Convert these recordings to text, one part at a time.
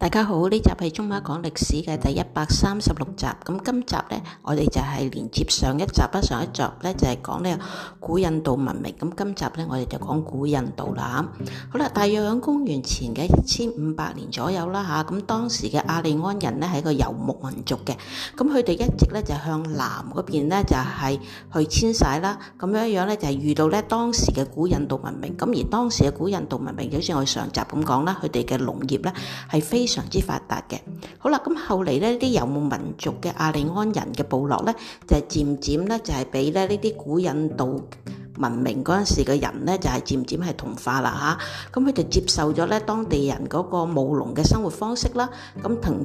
大家好，呢集係中華講歷史嘅第一百三十六集。咁今集呢，我哋就係連接上一集啦。上一集呢，就係、是、講呢古印度文明。咁今集呢，我哋就講古印度啦。好啦，大約喺公元前嘅一千五百年左右啦吓。咁當時嘅阿利安人呢，係一個游牧民族嘅。咁佢哋一直咧就向南嗰邊呢，就係、是、去遷徙啦。咁樣樣呢，就係、是、遇到呢當時嘅古印度文明。咁而當時嘅古印度文明，就好似我哋上集咁講啦，佢哋嘅農業呢，係非。非常之發達嘅，好啦，咁後嚟咧，啲游牧民族嘅阿利安人嘅部落咧，就係、是、漸漸咧，就係俾咧呢啲古印度文明嗰陣時嘅人咧，就係、是、漸漸係同化啦吓，咁、啊、佢就接受咗咧當地人嗰個務農嘅生活方式啦，咁、啊、同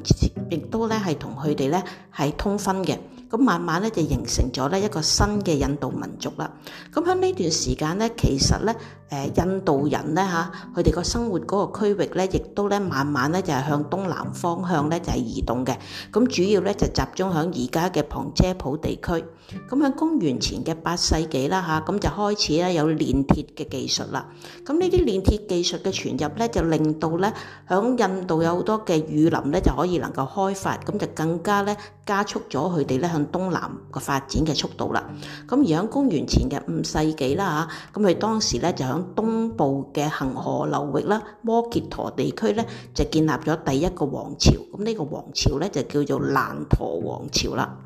亦都咧係同佢哋咧係通婚嘅，咁、啊、慢慢咧就形成咗咧一個新嘅印度民族啦。咁喺呢段時間咧，其實咧。印度人咧吓，佢哋個生活嗰個區域咧，亦都咧慢慢咧就係向東南方向咧就係移動嘅。咁主要咧就集中喺而家嘅旁遮普地區。咁喺公元前嘅八世紀啦吓，咁就開始咧有煉鐵嘅技術啦。咁呢啲煉鐵技術嘅傳入咧，就令到咧喺印度有好多嘅雨林咧就可以能夠開發，咁就更加咧加速咗佢哋咧向東南個發展嘅速度啦。咁而喺公元前嘅五世紀啦吓，咁佢當時咧就。東部嘅恒河流域啦，摩揭陀地區咧就建立咗第一個王朝，咁呢個王朝咧就叫做難陀王朝啦。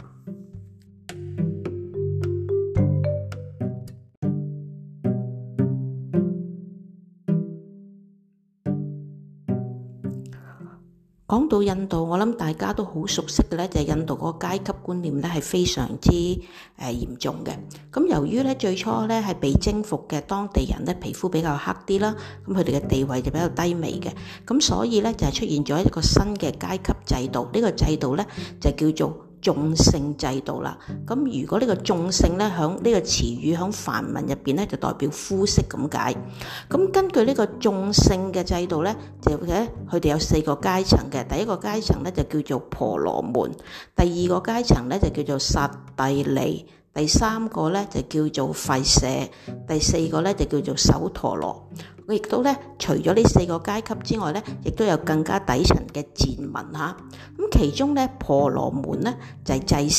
講到印度，我諗大家都好熟悉嘅咧，就係印度嗰個階級觀念咧係非常之誒嚴重嘅。咁由於咧最初咧係被征服嘅當地人咧皮膚比較黑啲啦，咁佢哋嘅地位就比較低微嘅，咁所以咧就係出現咗一個新嘅階級制度，呢、呢個制度咧就叫做。種姓制度啦，咁如果呢個種姓咧，響、這、呢個詞語響梵文入邊咧，就代表膚色咁解。咁根據呢個種姓嘅制度咧，就嘅佢哋有四個階層嘅，第一個階層咧就叫做婆羅門，第二個階層咧就叫做剎帝利。第三個咧就叫做吠舍，第四個咧就叫做首陀羅。我亦都咧除咗呢四個階級之外咧，亦都有更加底層嘅賤民嚇。咁其中咧婆羅門咧就係、是、祭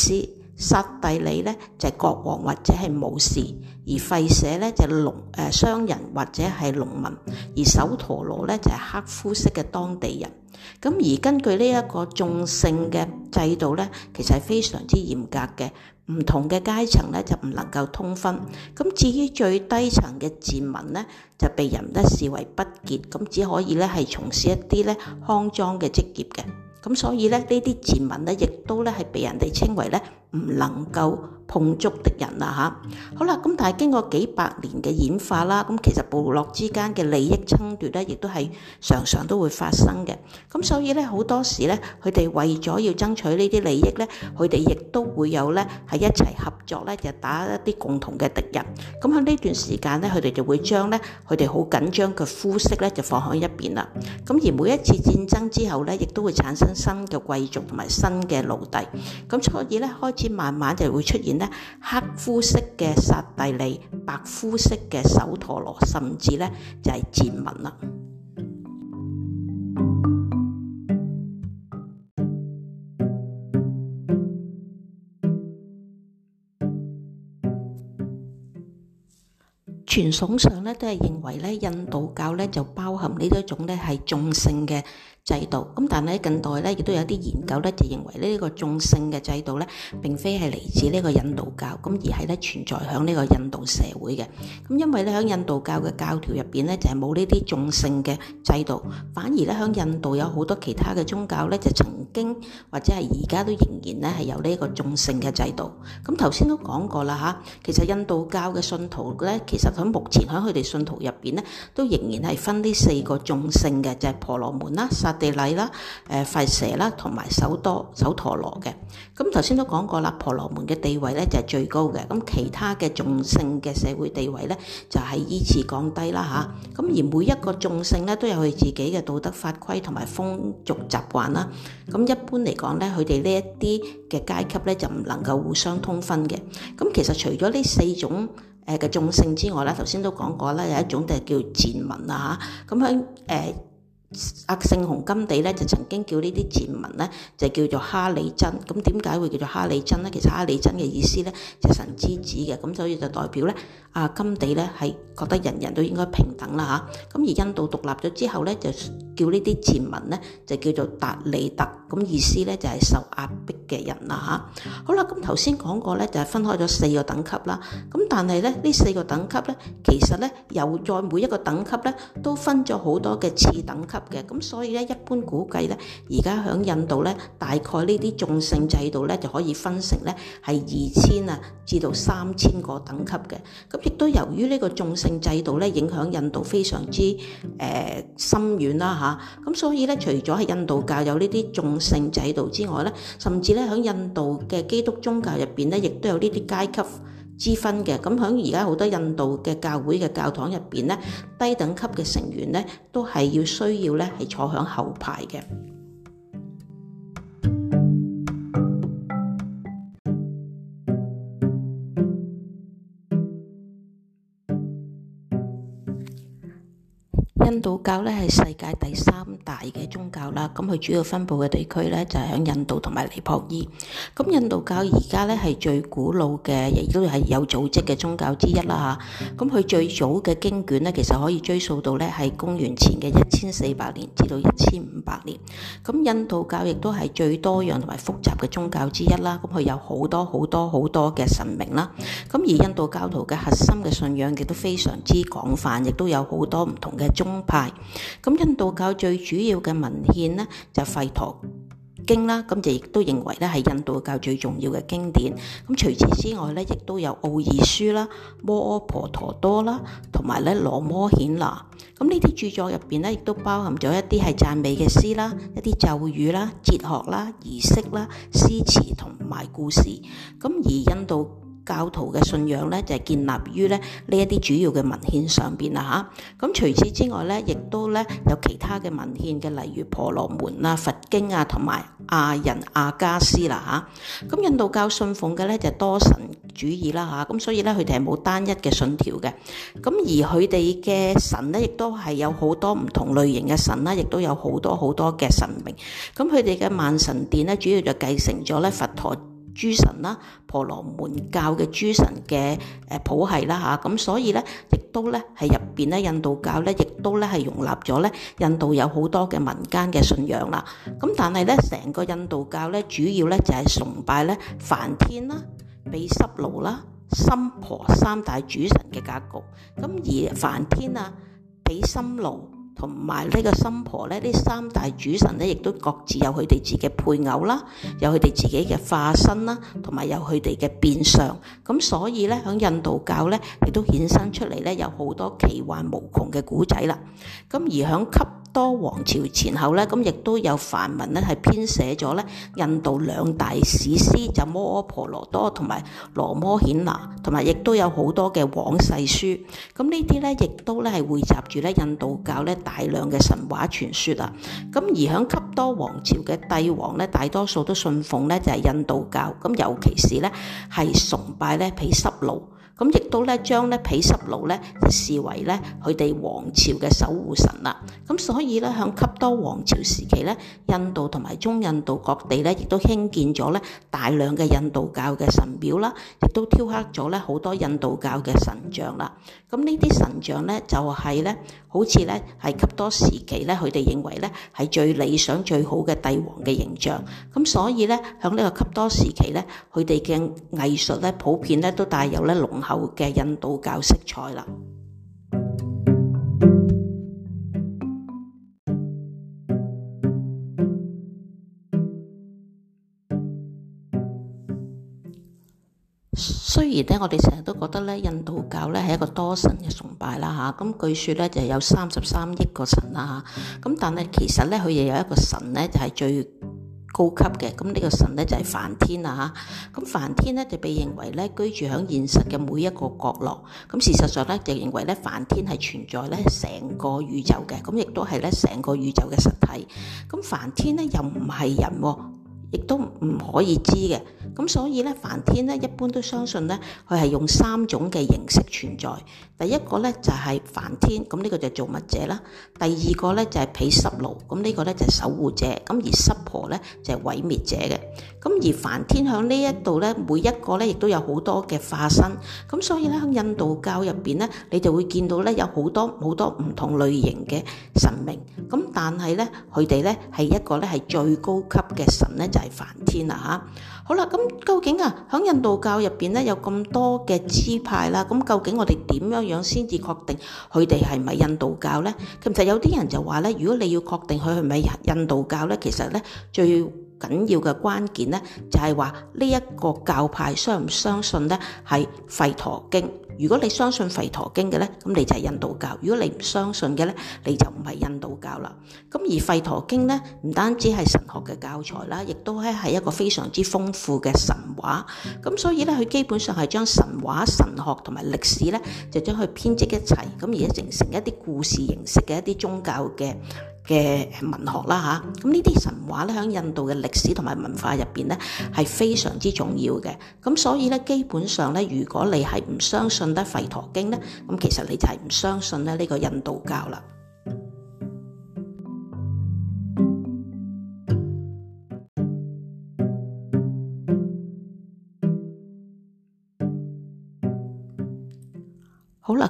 司；剎帝利咧就係、是、國王或者係武士，而吠舍咧就農、是、誒商人或者係農民，而首陀羅咧就係、是、黑膚色嘅當地人。咁而根據呢一個種姓嘅制度咧，其實係非常之嚴格嘅。唔同嘅階層咧就唔能夠通婚，咁至於最低層嘅賤民咧就被人咧視為不潔，咁只可以咧係從事一啲咧康莊嘅職業嘅，咁所以咧呢啲賤民咧亦都咧係被人哋稱為咧唔能夠。碰觸敵人啦嚇，好啦咁，但係經過幾百年嘅演化啦，咁其實部落之間嘅利益爭奪咧，亦都係常常都會發生嘅。咁所以咧，好多時咧，佢哋為咗要爭取呢啲利益咧，佢哋亦都會有咧係一齊合作咧，就打一啲共同嘅敵人。咁喺呢段時間咧，佢哋就會將咧佢哋好緊張嘅膚色咧，就放喺一邊啦。咁而每一次戰爭之後咧，亦都會產生新嘅貴族同埋新嘅奴隸。咁所以咧，開始慢慢就會出現。黑膚色嘅薩蒂利，白膚色嘅首陀羅，甚至咧就係賤民啦。傳統上咧都係認為咧，印度教咧就包含呢一種咧係種姓嘅制度。咁，但係咧近代咧亦都有啲研究咧就認為呢個種姓嘅制度咧，並非係嚟自呢個印度教，咁而係咧存在響呢個印度社會嘅。咁因為咧響印度教嘅教條入邊咧就係冇呢啲種姓嘅制度，反而咧響印度有好多其他嘅宗教咧就曾經或者係而家都仍然咧係有呢個種姓嘅制度。咁頭先都講過啦吓，其實印度教嘅信徒咧，其實喺目前喺佢哋信徒入邊咧都仍然係分呢四個種姓嘅，就係婆羅門啦、剎。剎帝利啦、誒、啊、吠舍啦，同埋首陀首陀羅嘅。咁頭先都講過啦，婆羅門嘅地位咧就係、是、最高嘅。咁其他嘅種姓嘅社會地位咧，就係、是、依次降低啦吓，咁、啊、而每一個種姓咧，都有佢自己嘅道德法規同埋風俗習慣啦。咁、啊啊、一般嚟講咧，佢哋呢一啲嘅階級咧，就唔能夠互相通婚嘅。咁、啊、其實除咗呢四種誒嘅種姓之外啦，頭先都講過啦，有一種就係叫賤民啊吓，咁喺誒。呃阿、啊、聖雄甘地咧就曾經叫文呢啲賤民咧就叫做哈里珍。咁點解會叫做哈里珍呢？其實哈里珍嘅意思咧就是、神之子嘅，咁所以就代表咧阿、啊、甘地咧係覺得人人都應該平等啦嚇。咁、啊啊、而印度獨立咗之後咧就叫文呢啲賤民咧就叫做達利特，咁、啊、意思咧就係、是、受壓迫嘅人啦嚇、啊。好啦，咁頭先講過咧就係分開咗四個等級啦，咁、啊、但係咧呢四個等級咧其實咧又再每一個等級咧都分咗好多嘅次等級。嘅咁，所以咧，一般估計咧，而家喺印度咧，大概呢啲種姓制度咧，就可以分成咧係二千啊至到三千個等級嘅。咁亦都由於呢個種姓制度咧，影響印度非常之誒、呃、深遠啦吓，咁所以咧，除咗喺印度教有呢啲種姓制度之外咧，甚至咧喺印度嘅基督宗教入邊咧，亦都有呢啲階級。之分嘅。咁喺而家好多印度嘅教會嘅教堂入邊咧，低等級嘅成員咧，都係要需要咧係坐喺後排嘅。印度教咧係世界第三大嘅宗教啦，咁佢主要分布嘅地區咧就係喺印度同埋尼泊爾。咁印度教而家咧係最古老嘅，亦都係有組織嘅宗教之一啦吓。咁佢最早嘅經卷咧，其實可以追溯到咧係公元前嘅一千四百年至到一千五百年。咁印度教亦都係最多樣同埋複雜嘅宗教之一啦。咁佢有好多好多好多嘅神明啦。咁而印度教徒嘅核心嘅信仰亦都非常之廣泛，亦都有好多唔同嘅宗。咁印度教最主要嘅文獻呢，就係吠陀經啦，咁就亦都認為咧係印度教最重要嘅經典。咁除此之外咧，亦都有奧義書啦、摩訶婆陀多啦，同埋咧羅摩顯那。咁呢啲著作入邊咧，亦都包含咗一啲係讚美嘅詩啦、一啲咒語啦、哲學啦、儀式啦、詩詞同埋故事。咁而印度教徒嘅信仰咧就係，是，建立於咧呢一啲主要嘅文獻上邊啦嚇，咁、啊，除此之外咧，亦都咧有其他嘅文獻嘅，例如婆羅門啊、佛經啊同埋亞人亞加斯啦嚇。咁印度教信奉嘅咧就是，多神主義啦、啊、嚇，咁、嗯，所以咧佢哋係冇單一嘅信條嘅。咁、啊，而佢哋嘅神咧亦都係有好多唔同類型嘅神啦、啊，亦都有好多好多嘅神明。咁佢哋嘅萬神殿咧主要就繼承咗咧佛陀。諸神啦，婆羅門教嘅諸神嘅誒譜系啦吓，咁、啊、所以咧亦都咧係入邊咧印度教咧，亦都咧係容納咗咧印度有好多嘅民間嘅信仰啦。咁、啊、但係咧，成個印度教咧主要咧就係崇拜咧梵天啦、毗濕奴啦、濕婆三大主神嘅格局。咁、啊、而梵天啊、毗濕奴。同埋呢個濕婆咧，呢三大主神咧，亦都各自有佢哋自己嘅配偶啦，有佢哋自己嘅化身啦，同埋有佢哋嘅變相。咁所以咧，喺印度教咧，亦都衍生出嚟咧，有好多奇幻無窮嘅古仔啦。咁而喺吸多王朝前後咧，咁亦都有梵文咧，係編寫咗咧，印度兩大史詩就摩訶婆羅多同埋羅摩顯拿，同埋亦都有好多嘅往世書。咁呢啲咧，亦都咧係匯集住咧印度教咧大量嘅神話傳說啊。咁而響笈多王朝嘅帝王咧，大多數都信奉咧就係印度教，咁尤其是咧係崇拜咧毗濕奴。咁亦都咧，將咧毗濕奴咧視為咧佢哋王朝嘅守護神啦。咁所以咧，響笈多王朝時期咧，印度同埋中印度各地咧，亦都興建咗咧大量嘅印度教嘅神廟啦，亦都雕刻咗咧好多印度教嘅神像啦。咁呢啲神像咧，就係咧。好似咧係笈多時期咧，佢哋認為咧係最理想最好嘅帝王嘅形象，咁所以咧喺呢個笈多時期咧，佢哋嘅藝術咧普遍咧都帶有咧濃厚嘅印度教色彩啦。雖然咧，我哋成日都覺得咧，印度教咧係一個多神嘅崇拜啦嚇，咁據說咧就有三十三億個神啦，咁但係其實咧佢亦有一個神咧就係最高級嘅，咁、這、呢個神咧就係梵天啦嚇，咁梵天咧就被認為咧居住喺現實嘅每一個角落，咁事實上咧就認為咧梵天係存在咧成個宇宙嘅，咁亦都係咧成個宇宙嘅實體，咁梵天咧又唔係人喎。亦都唔可以知嘅，咁所以咧，梵天咧一般都相信咧，佢係用三種嘅形式存在。第一個咧就係、是、梵天，咁、這、呢個就係造物者啦。第二個咧就係毗濕奴，咁、這、呢個咧就係守護者。咁而濕婆咧就係、是、毀滅者嘅。咁而梵天響呢一度咧，每一個咧亦都有好多嘅化身。咁所以咧，響印度教入邊咧，你就會見到咧有好多好多唔同類型嘅神明。咁但係咧，佢哋咧係一個咧係最高級嘅神咧就。係梵天啦嚇，好啦，咁究竟啊，喺印度教入邊咧有咁多嘅支派啦，咁究竟我哋點樣樣先至確定佢哋係咪印度教呢？其實有啲人就話咧，如果你要確定佢係咪印度教咧，其實咧最緊要嘅關鍵咧，就係話呢一個教派相唔相信咧係《吠陀經》。如果你相信《吠陀經》嘅咧，咁你就係印度教；如果你唔相信嘅咧，你就唔係印度教啦。咁而《吠陀經》咧，唔單止係神學嘅教材啦，亦都咧係一個非常之豐富嘅神話。咁所以咧，佢基本上係將神話、神學同埋歷史咧，就將佢編織一齊。咁而形成一啲故事形式嘅一啲宗教嘅嘅文學啦吓，咁呢啲神話咧喺印度嘅歷史同埋文化入邊咧，係非常之重要嘅。咁、啊、所以咧基本上咧，如果你係唔相信得《吠陀經》呢咧、啊，咁其實你就係唔相信咧呢、呢個印度教啦。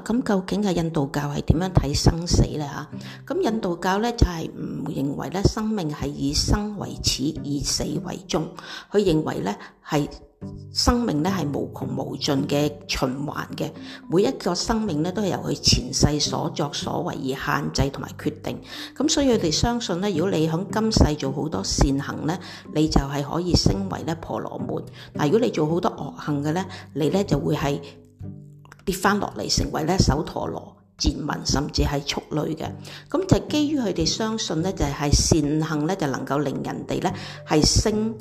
咁、嗯、究竟嘅印度教係點樣睇生死咧？嚇、啊，咁、嗯、印度教咧就係、是、唔認為咧生命係以生為始，以死為終。佢認為咧係生命咧係無窮無盡嘅循環嘅，每一個生命咧都係由佢前世所作所為而限制同埋決定。咁、嗯、所以佢哋相信咧，如果你響今世做好多善行咧，你就係可以升為咧婆羅門。嗱、啊，如果你做好多惡行嘅咧，你咧就會係。跌翻落嚟，成為咧首陀羅、賤民，甚至係畜類嘅。咁就基於佢哋相信咧，就係善行咧，就能夠令人哋咧係升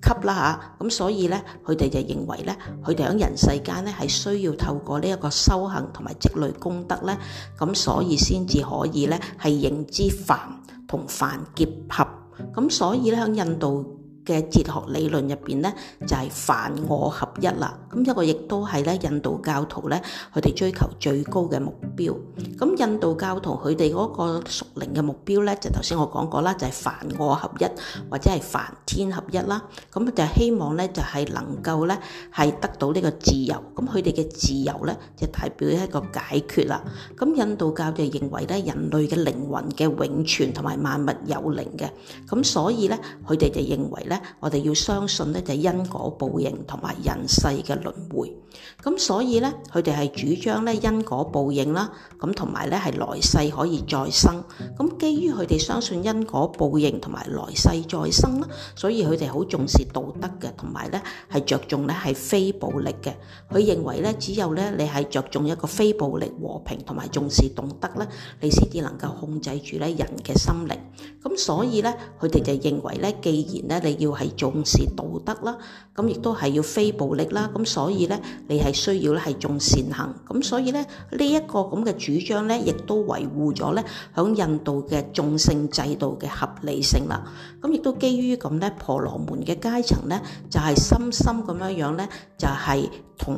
級啦嚇。咁所以咧，佢哋就認為咧，佢哋喺人世間咧係需要透過呢一個修行同埋積累功德咧，咁所以先至可以咧係認知凡同凡結合。咁所以咧，喺印度。嘅哲學理論入邊咧，就係凡我合一啦。咁一個亦都係咧，印度教徒咧，佢哋追求最高嘅目標。咁印度教徒佢哋嗰個屬靈嘅目標咧，就頭先我講過啦，就係凡我合一或者係凡天合一啦。咁就希望咧，就係能夠咧，係得到呢個自由。咁佢哋嘅自由咧，就代表一個解決啦。咁印度教就認為咧，人類嘅靈魂嘅永存同埋萬物有靈嘅。咁所以咧，佢哋就認為。我哋要相信咧就係因果報應同埋人世嘅輪迴，咁所以咧佢哋係主張咧因果報應啦，咁同埋咧係來世可以再生。咁基於佢哋相信因果報應同埋來世再生啦，所以佢哋好重視道德嘅，同埋咧係着重咧係非暴力嘅。佢認為咧只有咧你係着重一個非暴力和平，同埋重視道德咧，你先至能夠控制住咧人嘅心靈。咁所以咧佢哋就認為咧，既然咧你要係重視道德啦，咁亦都係要非暴力啦，咁所以咧，你係需要咧係重善行，咁所以咧呢一個咁嘅主張咧，亦都維護咗咧響印度嘅種姓制度嘅合理性啦，咁亦都基於咁咧婆羅門嘅階層咧，就係深深咁樣樣咧，就係同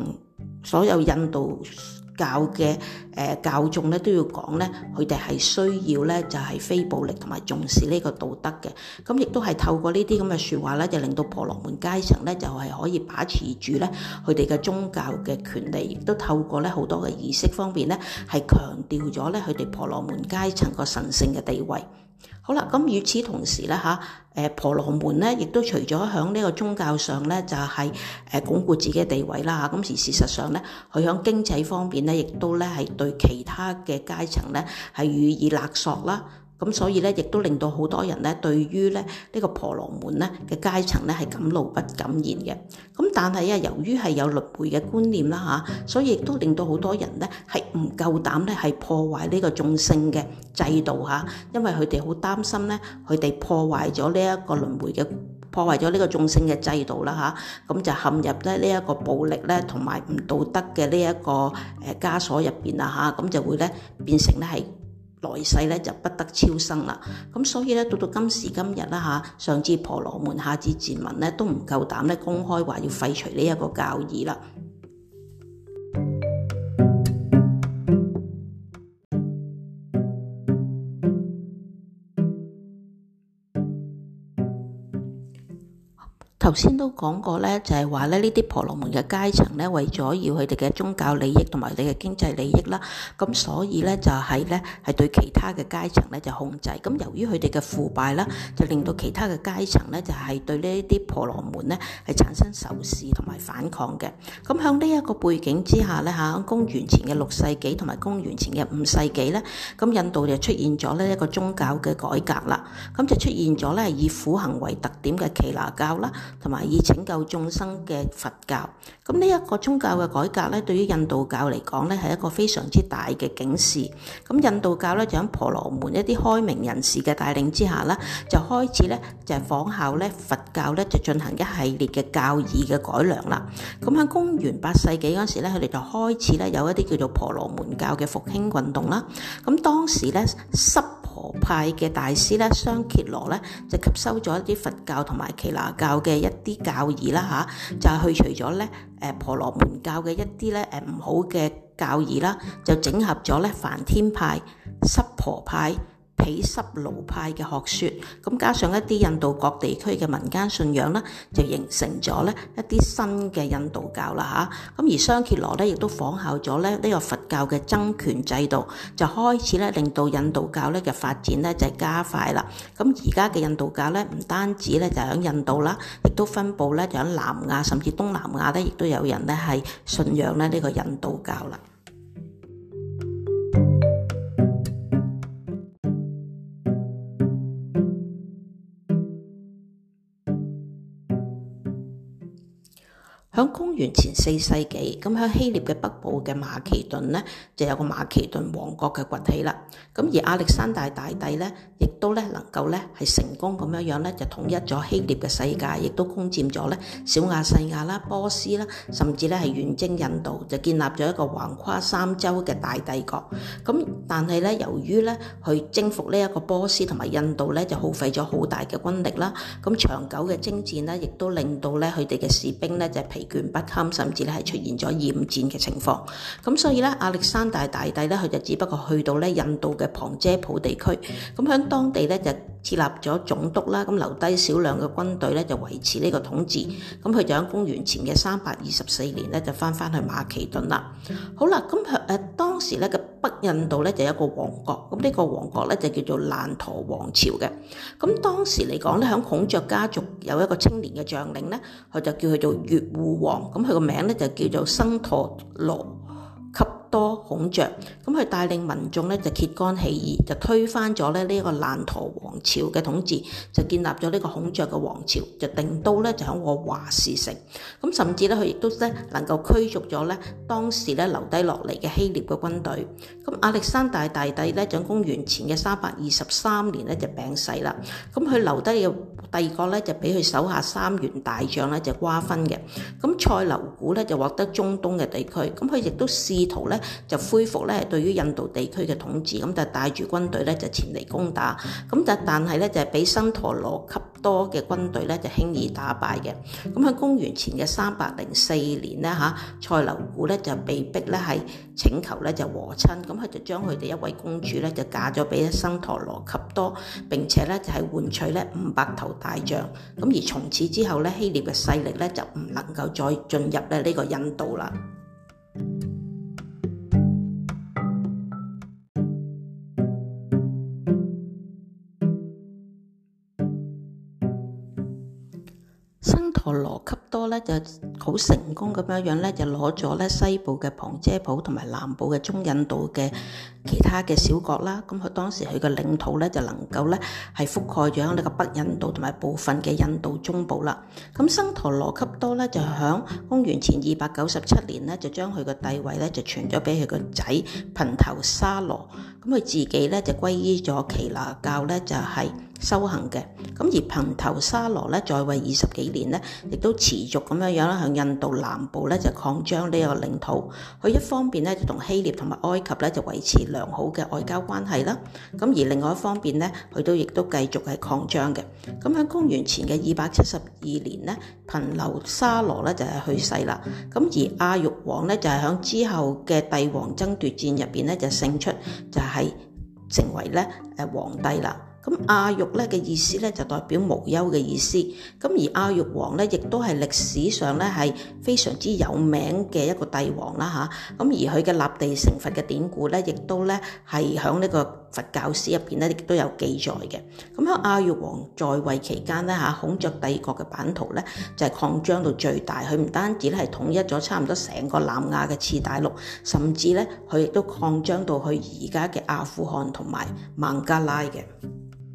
所有印度教嘅誒、呃、教眾咧都要講咧，佢哋係需要咧就係、是、非暴力同埋重視呢個道德嘅。咁亦都係透過呢啲咁嘅説話咧，就令到婆羅門階層咧就係、是、可以把持住咧佢哋嘅宗教嘅權利，亦都透過咧好多嘅儀式方面咧係強調咗咧佢哋婆羅門階層個神聖嘅地位。好啦，咁與此同時咧，嚇，誒婆羅門咧，亦都除咗喺呢個宗教上咧，就係誒鞏固自己嘅地位啦。嚇，咁而事實上咧，佢喺經濟方面咧，亦都咧係對其他嘅階層咧係予以勒索啦。咁所以咧，亦都令到好多人咧，對於咧呢、這個婆羅門咧嘅階層咧，係敢怒不敢言嘅。咁但係啊，由於係有輪迴嘅觀念啦吓、啊，所以亦都令到好多人咧係唔夠膽咧係破壞呢個種姓嘅制度吓、啊，因為佢哋好擔心咧，佢哋破壞咗呢一個輪迴嘅，破壞咗呢個種姓嘅制度啦吓，咁、啊、就陷入咧呢一、這個暴力咧同埋唔道德嘅呢一個誒枷鎖入邊啦吓，咁、啊、就會咧變成咧係。來世咧就不得超生啦，咁所以咧到到今時今日啦吓、啊，上至婆羅門，下至賤民咧都唔夠膽咧公開話要廢除呢一個教義啦。頭先都講過咧，就係話咧呢啲婆羅門嘅階層咧，為咗要佢哋嘅宗教利益同埋你嘅經濟利益啦，咁所以咧就係咧係對其他嘅階層咧就控制。咁由於佢哋嘅腐敗啦，就令到其他嘅階層咧就係對呢啲婆羅門咧係產生仇視同埋反抗嘅。咁喺呢一個背景之下咧嚇，公元前嘅六世紀同埋公元前嘅五世紀咧，咁印度就出現咗呢一個宗教嘅改革啦。咁就出現咗咧以苦行為特點嘅耆那教啦。同埋以拯救眾生嘅佛教，咁呢一個宗教嘅改革咧，對於印度教嚟講咧，係一個非常之大嘅警示。咁印度教咧就喺婆羅門一啲開明人士嘅帶領之下咧，就開始咧就係仿效咧佛教咧就進行一系列嘅教義嘅改良啦。咁喺公元八世紀嗰時咧，佢哋就開始咧有一啲叫做婆羅門教嘅復興運動啦。咁當時咧濕婆派嘅大師咧，商羯羅咧就吸收咗一啲佛教同埋耆那教嘅一啲教義啦，吓、啊、就去除咗咧，誒婆羅門教嘅一啲咧，誒唔好嘅教義啦，就整合咗咧梵天派、濕婆派。毗濕奴派嘅學説，咁加上一啲印度各地區嘅民間信仰啦，就形成咗咧一啲新嘅印度教啦嚇。咁、啊、而商羯羅咧，亦都仿效咗咧呢個佛教嘅僧權制度，就開始咧令到印度教咧嘅發展咧就加快啦。咁而家嘅印度教咧，唔單止咧就喺印度啦，亦都分佈咧就喺南亞甚至東南亞咧，亦都有人咧係信仰咧呢個印度教啦。喺公元前四世紀，咁喺希臘嘅北部嘅馬其頓咧，就有個馬其頓王國嘅崛起啦。咁而亞歷山大大帝咧，亦都咧能夠咧係成功咁樣樣咧，就統一咗希臘嘅世界，亦都攻佔咗咧小亞細亞啦、波斯啦，甚至咧係遠征印度，就建立咗一個橫跨三洲嘅大帝國。咁但係咧，由於咧去征服呢一個波斯同埋印度咧，就耗費咗好大嘅軍力啦。咁長久嘅征戰咧，亦都令到咧佢哋嘅士兵咧就倦不堪，甚至咧係出現咗厭戰嘅情況。咁所以咧，亞歷山大大帝咧，佢就只不過去到咧印度嘅旁遮普地區。咁喺當地咧就設立咗總督啦，咁留低少量嘅軍隊咧就維持呢個統治。咁佢就喺公元前嘅三百二十四年咧就翻翻去馬其頓啦。好啦，咁誒、呃、當時咧嘅北印度咧就有一個王國，咁呢個王國咧就叫做蘭陀王朝嘅。咁當時嚟講咧，喺孔雀家族有一個青年嘅將領咧，佢就叫佢做月護。王咁佢個名咧就叫做生陀羅級。多孔雀咁佢帶領民眾咧就揭竿起義，就推翻咗咧呢個蘭陀王朝嘅統治，就建立咗呢個孔雀嘅王朝，就定都咧就喺我華氏城。咁甚至咧佢亦都咧能夠驅逐咗咧當時咧留低落嚟嘅希臘嘅軍隊。咁亞歷山大大帝咧喺公元前嘅三百二十三年咧就病逝啦。咁佢留低嘅帝國咧就俾佢手下三員大將咧就瓜分嘅。咁塞琉古咧就獲得中東嘅地區。咁佢亦都試圖咧。就恢復咧，對於印度地區嘅統治，咁就帶住軍隊咧就前嚟攻打，咁就但係咧就係俾新陀羅笈多嘅軍隊咧就輕易打敗嘅。咁喺公元前嘅三百零四年咧嚇、啊，塞琉古咧就被逼咧係請求咧就和親，咁佢就將佢哋一位公主咧就嫁咗俾新陀羅笈多，並且咧就係換取咧五百頭大象。咁而從此之後咧，希臘嘅勢力咧就唔能夠再進入咧呢、這個印度啦。陀羅笈多咧就好成功咁樣樣咧，就攞咗咧西部嘅旁遮普同埋南部嘅中印度嘅其他嘅小國啦。咁佢當時佢嘅領土咧就能夠咧係覆蓋咗呢個北印度同埋部分嘅印度中部啦。咁生陀羅笈多咧就喺公元前二百九十七年咧就將佢個帝位咧就傳咗俾佢個仔頻頭沙羅。咁佢自己咧就歸依咗耆那教咧就係、是。修行嘅，咁而頻頭沙羅咧，在位二十幾年咧，亦都持續咁樣樣啦，向印度南部咧就擴張呢個領土。佢一方面咧就同希臘同埋埃及咧就維持良好嘅外交關係啦。咁而另外一方面咧，佢都亦都繼續係擴張嘅。咁喺公元前嘅二百七十二年咧，頻頭沙羅咧就係去世啦。咁而阿育王咧就係喺之後嘅帝王爭奪戰入邊咧就勝出，就係、是、成為咧誒皇帝啦。咁阿育咧嘅意思咧就代表無憂嘅意思。咁而阿育王咧，亦都係歷史上咧係非常之有名嘅一個帝王啦吓，咁而佢嘅立地成佛嘅典故咧，亦都咧係喺呢個佛教史入邊咧亦都有記載嘅。咁喺阿育王在位期間咧吓，孔雀帝國嘅版圖咧就係擴張到最大。佢唔單止咧係統一咗差唔多成個南亞嘅次大陸，甚至咧佢亦都擴張到去而家嘅阿富汗同埋孟加拉嘅。響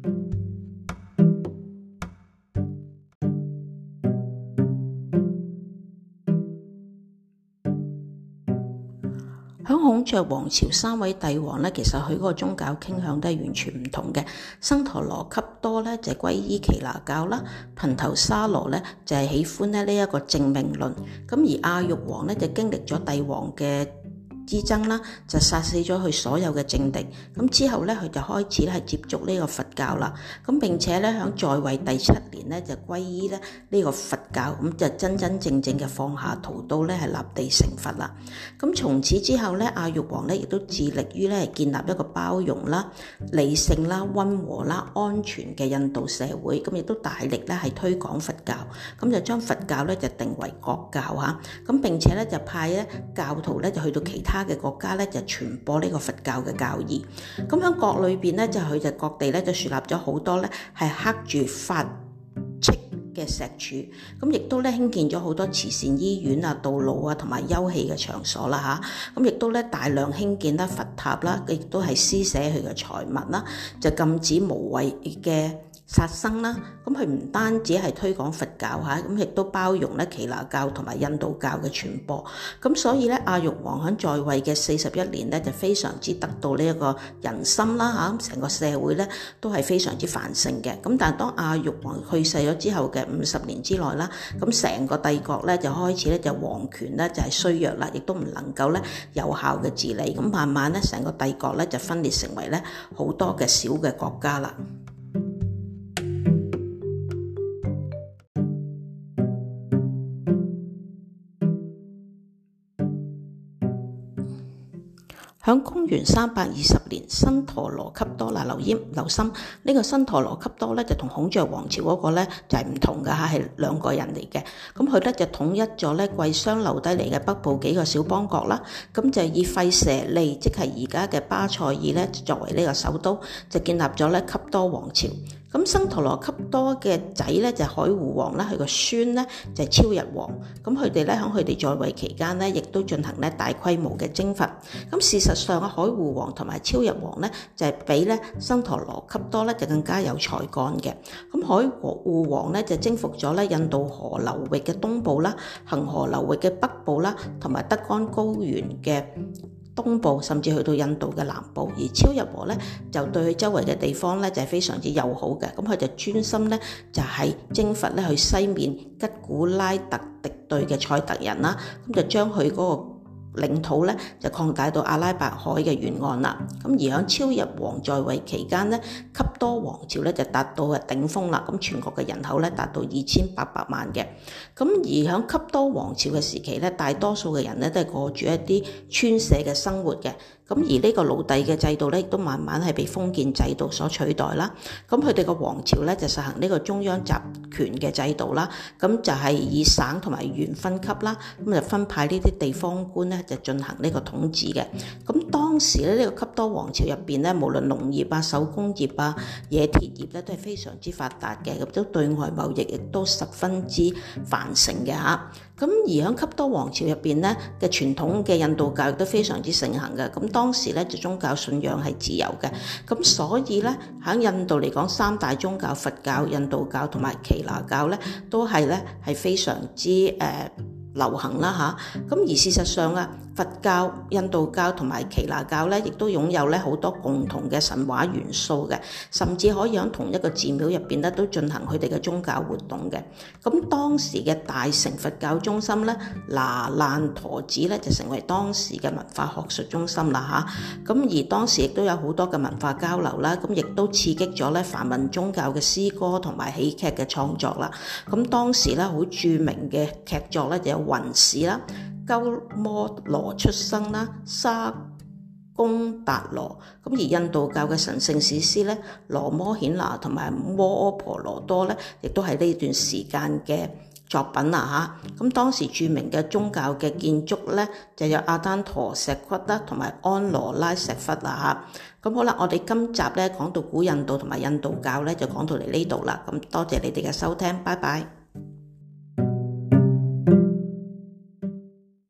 孔雀王朝三位帝王呢，其實佢嗰個宗教傾向都係完全唔同嘅。生陀羅笈多呢，就歸依耆那教啦，頻頭沙羅呢，就係喜歡咧呢一個正命論，咁而阿育王呢，就經歷咗帝王嘅。之爭啦，就殺死咗佢所有嘅政敵。咁之後咧，佢就開始咧係接觸呢個佛教啦。咁並且咧喺在位第七年咧就歸依咧呢個佛教，咁就真真正正嘅放下屠刀咧，係立地成佛啦。咁從此之後咧，阿育王咧亦都致力於咧建立一個包容啦、理性啦、溫和啦、安全嘅印度社會。咁亦都大力咧係推廣佛教，咁就將佛教咧就定為國教吓。咁並且咧就派咧教徒咧就去到其他。嘅國家咧就傳播呢個佛教嘅教義，咁喺國裏邊咧就佢就各地咧就樹立咗好多咧係刻住佛蹟嘅石柱，咁亦都咧興建咗好多慈善醫院啊、道路啊同埋休憩嘅場所啦吓，咁亦都咧大量興建得佛塔啦，亦都係施捨佢嘅財物啦，就禁止無謂嘅。殺生啦，咁佢唔單止係推廣佛教嚇，咁亦都包容咧耆那教同埋印度教嘅傳播，咁所以咧阿育王喺在位嘅四十一年咧就非常之得到呢一個人心啦嚇，成個社會咧都係非常之繁盛嘅。咁但係當阿育王去世咗之後嘅五十年之內啦，咁成個帝國咧就開始咧就皇權咧就係、是、衰弱啦，亦都唔能夠咧有效嘅治理，咁慢慢咧成個帝國咧就分裂成為咧好多嘅小嘅國家啦。喺公元三百二十年，新陀羅笈多喇，留心留心，呢、這個新陀羅笈多咧就同孔雀王朝嗰、那個咧就係、是、唔同嘅嚇，係兩個人嚟嘅。咁佢咧就統一咗咧貴霜留低嚟嘅北部幾個小邦國啦，咁就以費舍利，即係而家嘅巴塞爾咧，作為呢個首都，就建立咗咧笈多王朝。咁新陀羅笈多嘅仔咧就係海護王啦，佢個孫咧就係超日王。咁佢哋咧喺佢哋在位期間咧，亦都進行咧大規模嘅征服。咁事實上啊，海護王同埋超日王咧就係比咧新陀羅笈多咧就更加有才幹嘅。咁海護王咧就征服咗咧印度河流域嘅東部啦、恒河流域嘅北部啦，同埋德干高原嘅東部甚至去到印度嘅南部，而超日河咧就對佢周圍嘅地方咧就係、是、非常之友好嘅，咁佢就專心咧就係征服咧去西面吉古拉特敵對嘅塞特人啦，咁就將佢嗰個。領土咧就擴大到阿拉伯海嘅沿岸啦。咁而喺超日王在位期間咧，笈多王朝咧就達到嘅頂峰啦。咁全國嘅人口咧達到二千八百萬嘅。咁而喺笈多王朝嘅時期咧，大多數嘅人咧都係過住一啲村社嘅生活嘅。咁而呢個奴隸嘅制度咧，亦都慢慢係被封建制度所取代啦。咁佢哋個王朝咧就實行呢個中央集。權嘅制度啦，咁就係以省同埋縣分級啦，咁就分派呢啲地方官咧，就進行呢個統治嘅，咁。當時咧，這個、呢個笈多王朝入邊咧，無論農業啊、手工業啊、冶鐵業咧，都係非常之發達嘅。咁都對外貿易亦都十分之繁盛嘅嚇。咁、啊、而喺笈多王朝入邊咧嘅傳統嘅印度教亦都非常之盛行嘅。咁、啊、當時咧，就宗教信仰係自由嘅。咁、啊、所以咧，喺印度嚟講，三大宗教佛教、印度教同埋耆那教咧，都係咧係非常之誒。呃流行啦吓，咁而事實上啊，佛教、印度教同埋耆那教咧，亦都擁有咧好多共同嘅神話元素嘅，甚至可以響同一個寺廟入邊咧都進行佢哋嘅宗教活動嘅。咁當時嘅大乘佛教中心咧，那爛陀寺咧就成為當時嘅文化學術中心啦吓，咁而當時亦都有好多嘅文化交流啦，咁亦都刺激咗咧梵文宗教嘅詩歌同埋喜劇嘅創作啦。咁當時咧好著名嘅劇作咧就有。雲氏啦，鳩摩羅出生啦，沙恭達羅。咁而印度教嘅神聖史詩咧，羅摩顯娜同埋摩訶婆羅多咧，亦都係呢段時間嘅作品啦吓。咁、啊、當時著名嘅宗教嘅建築咧，就有阿丹陀石窟啦，同埋安羅拉石窟啦吓。咁、啊、好啦，我哋今集咧講到古印度同埋印度教咧，就講到嚟呢度啦。咁多謝你哋嘅收聽，拜拜。